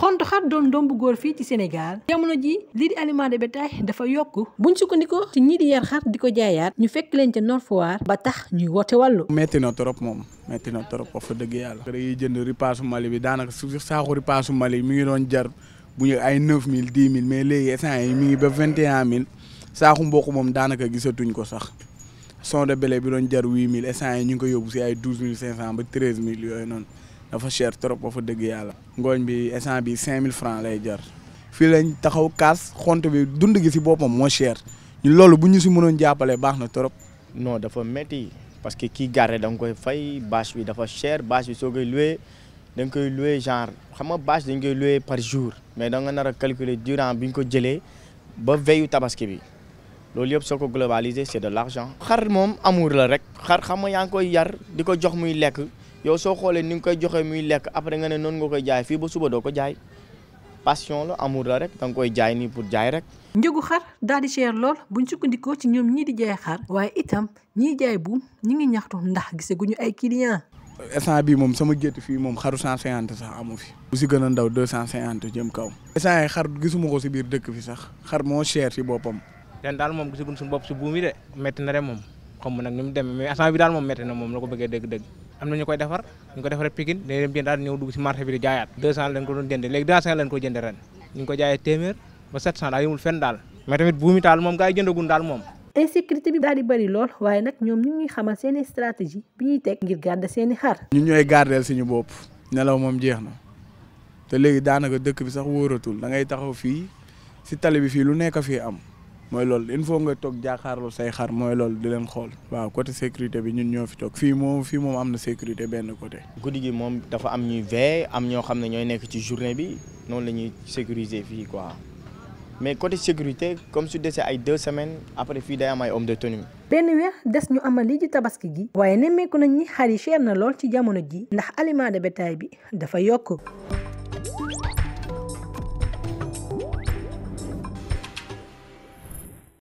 xontu xar doon dombu góor fii ci Sénégal jamono ji lii di aliment de bétail dafa yokk buñ sukkandikoo ci ñii di yar xar di ko jaayaat ñu fekk leen ca Nord Foire ba tax ñuy woote wàllu metti na trop moom metti na trop wax fa dëgg yàlla dañuy jënd ripaasu Mali bi daanaka su saaku ripaasu Mali mi ngi doon jar bu ñu ay neuf mille dix mille mais léegi essence yi mi ngi ba vingt et un saaku mboq moom daanaka gisatuñ ko sax son de blé bi doon jar huit mille essence yi ñu ngi ko yóbbu si ay douze mille cinq cent ba treize mille yooyu noonu dafa cher trop ba fa dëgg yàlla. ngooñ bi essence bi cinq mille franc lay jar fii lañ taxaw kaas xont bi dund gi si boppam moo cher ñu loolu bu ñu si mënoon jàppale baax na trop. non dafa métti parce que kii garé danga koy fay bâche bi dafa cher bâche bi soo koy loué da nga koy loué genre xam nga bâche dañ koy loué par jour mais da nga nar a calculer durant bi ñu ko jëlee ba veyu tabaski bi. loolu yëpp soo ko globaliser c'est de l'argent xar moom amour la rek xar xam nga yaa ngi koy yar di ko jox muy lekk yow soo xoolee ni nga koy joxee muy lekk après nga ne noonu nga koy jaay fii ba suba doo ko jaay passion la amour la rek da nga koy jaay nii pour jaay rek. njëgu xar daal di cher lool buñ sukkandikoo ci ñoom ñii di jaay xar. waaye itam ñiy jaay bu ñi ngi ñaxtu ndax gisaguñu ay clients. instant bi moom sama gétt fii moom xaru cent 150 sax amu fi. bu si gën a ndaw 250 jëm kaw. instant yi xar gisuma ko si biir dëkk fi sax xar moo cher si boppam. ren daal moom gisaguñ suñu bopp si buum yi de métti na rek moom nag ni mu demee mais instant daal moom métti na moom la ko bëggee dëgg-dëgg am na ñu koy defar ñu ko defaree Pikine dañuy dem jënd daal ñëw dugg si marché bi di jaayaat 200 lañ ko doon jënd léegi daal moom gaa insécurité bi daal di bëri lool waaye nag ñoom ñu ngi xamal seeni stratégie bi ñuy teg ngir garder seeni xar. ñun ñooy gardeel suñu bopp nelaw moom jeex na te léegi daanaka dëkk bi sax wóoratul da ngay taxaw fii si tali bi fii lu nekk fii am mooy loolu il faut nga toog jàkkaarloo say xar mooy loolu di leen xool waaw côté sécurité bi ñun ñoo fi toog fii moom fii moom am na sécurité benn côté. guddi gi moom dafa am ñuy veille am ñoo xam ne ñooy nekk ci journée bi noonu la ñuy sécuriser fii quoi mais côté sécurité comme su desee ay deux semaines après fii day am ay homme de tenue. benn weer des ñu amal lii ci tabaski gi. waaye nemmeeku nañ ni xar yi cher na lool ci jamono ji ndax aliment de bétail bi dafa yokk.